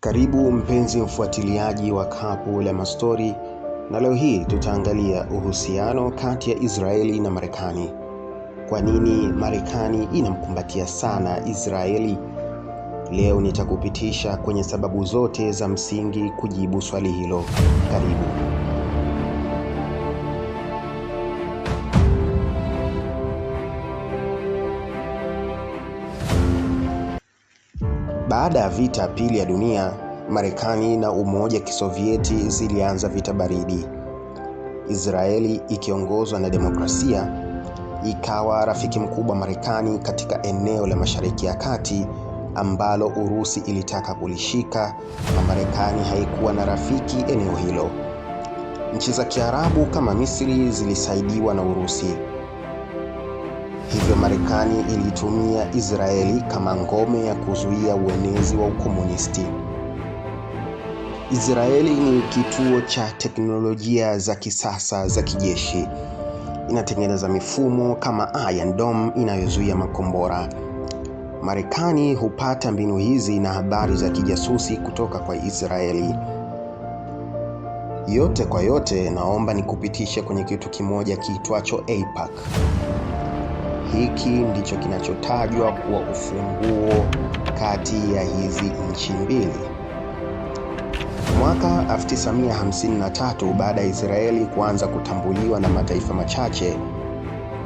Karibu mpenzi mfuatiliaji wa Kapu la Mastori, na leo hii tutaangalia uhusiano kati ya Israeli na Marekani. Kwa nini Marekani inamkumbatia sana Israeli? Leo nitakupitisha kwenye sababu zote za msingi kujibu swali hilo. Karibu. Baada ya vita pili ya dunia, Marekani na Umoja Kisovieti zilianza vita baridi. Israeli ikiongozwa na demokrasia ikawa rafiki mkubwa Marekani katika eneo la Mashariki ya Kati ambalo Urusi ilitaka kulishika na Marekani haikuwa na rafiki eneo hilo. Nchi za Kiarabu kama Misri zilisaidiwa na Urusi. Hivyo Marekani ilitumia Israeli kama ngome ya kuzuia uenezi wa ukomunisti. Israeli ni kituo cha teknolojia za kisasa za kijeshi. Inatengeneza mifumo kama Iron Dome inayozuia makombora. Marekani hupata mbinu hizi na habari za kijasusi kutoka kwa Israeli. Yote kwa yote, naomba nikupitishe kwenye kitu kimoja kiitwacho apac hiki ndicho kinachotajwa kuwa ufunguo kati ya hizi nchi mbili. Mwaka 1953 baada ya Israeli kuanza kutambuliwa na mataifa machache,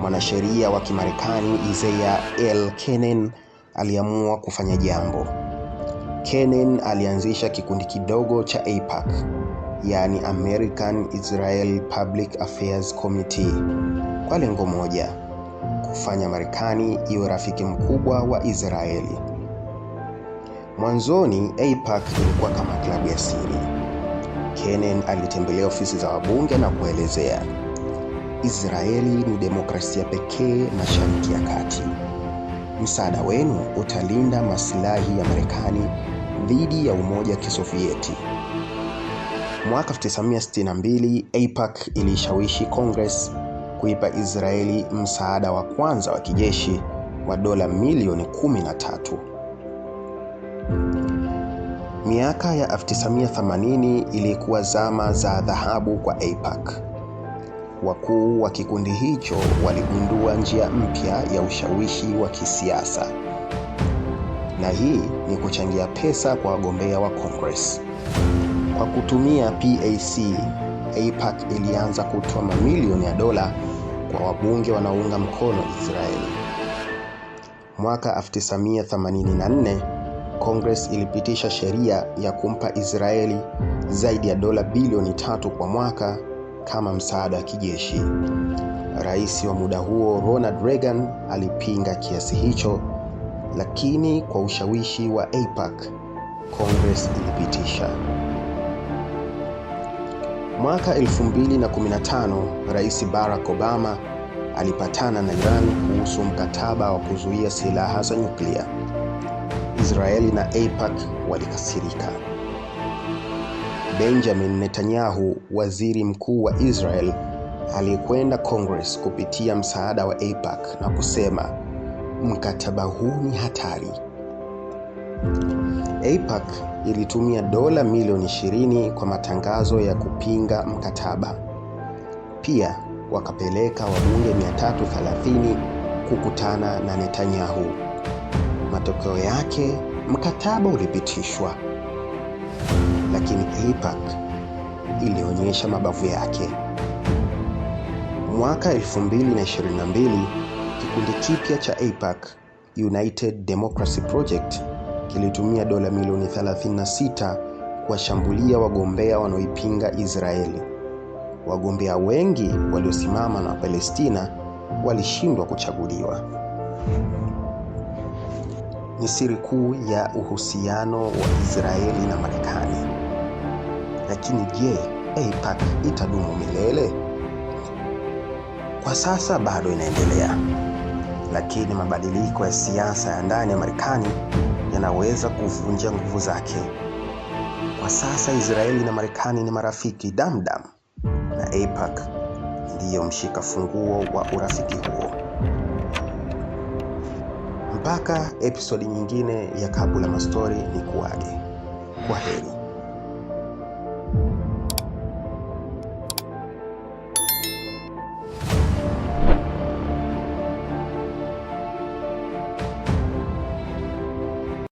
mwanasheria wa Kimarekani Isaiah L. Kenen aliamua kufanya jambo. Kenen alianzisha kikundi kidogo cha AIPAC, yani American Israel Public Affairs Committee, kwa lengo moja kufanya Marekani iwe rafiki mkubwa wa Israeli. Mwanzoni AIPAC ilikuwa kama klabu ya siri. Kenen alitembelea ofisi za wabunge na kuelezea, Israeli ni demokrasia pekee Mashariki ya Kati. Msaada wenu utalinda maslahi ya Marekani dhidi ya Umoja wa Kisovieti. Mwaka 1962 AIPAC ilishawishi Congress kuipa Israeli msaada wa kwanza wa kijeshi wa dola milioni 13. Miaka ya 1980 ilikuwa zama za dhahabu kwa AIPAC. Wakuu wa kikundi hicho waligundua njia mpya ya ushawishi wa kisiasa, na hii ni kuchangia pesa kwa wagombea wa Congress. Kwa kutumia PAC, AIPAC ilianza kutoa mamilioni ya dola kwa wabunge wanaounga mkono Israeli. Mwaka 1984 Congress ilipitisha sheria ya kumpa Israeli zaidi ya dola bilioni tatu kwa mwaka kama msaada wa kijeshi. Rais wa muda huo Ronald Reagan alipinga kiasi hicho, lakini kwa ushawishi wa AIPAC Congress ilipitisha. Mwaka 2015 Rais Barack Obama alipatana na Iran kuhusu mkataba wa kuzuia silaha za nyuklia. Israeli na apac walikasirika. Benjamin Netanyahu, waziri mkuu wa Israel, alikwenda Congress kupitia msaada wa AIPAC na kusema mkataba huu ni hatari. AIPAC ilitumia dola milioni 20 kwa matangazo ya kupinga mkataba. Pia wakapeleka wabunge 330 kukutana na Netanyahu. Matokeo yake mkataba ulipitishwa, lakini AIPAC ilionyesha mabavu yake. Mwaka 2022 kikundi kipya cha AIPAC United Democracy Project kilitumia dola milioni 36 kuwashambulia wagombea wanaoipinga Israeli. Wagombea wengi waliosimama na Wapalestina walishindwa kuchaguliwa. Ni siri kuu ya uhusiano wa Israeli na Marekani. Lakini je, AIPAC itadumu milele? Kwa sasa bado inaendelea lakini mabadiliko ya siasa ya ndani ya Marekani yanaweza kuvunja nguvu zake. Kwa sasa Israeli na Marekani ni marafiki damdam, na AIPAC ndiyo mshika funguo wa urafiki huo. Mpaka episodi nyingine ya Kabula Mastori, ni kuage, kwa heri.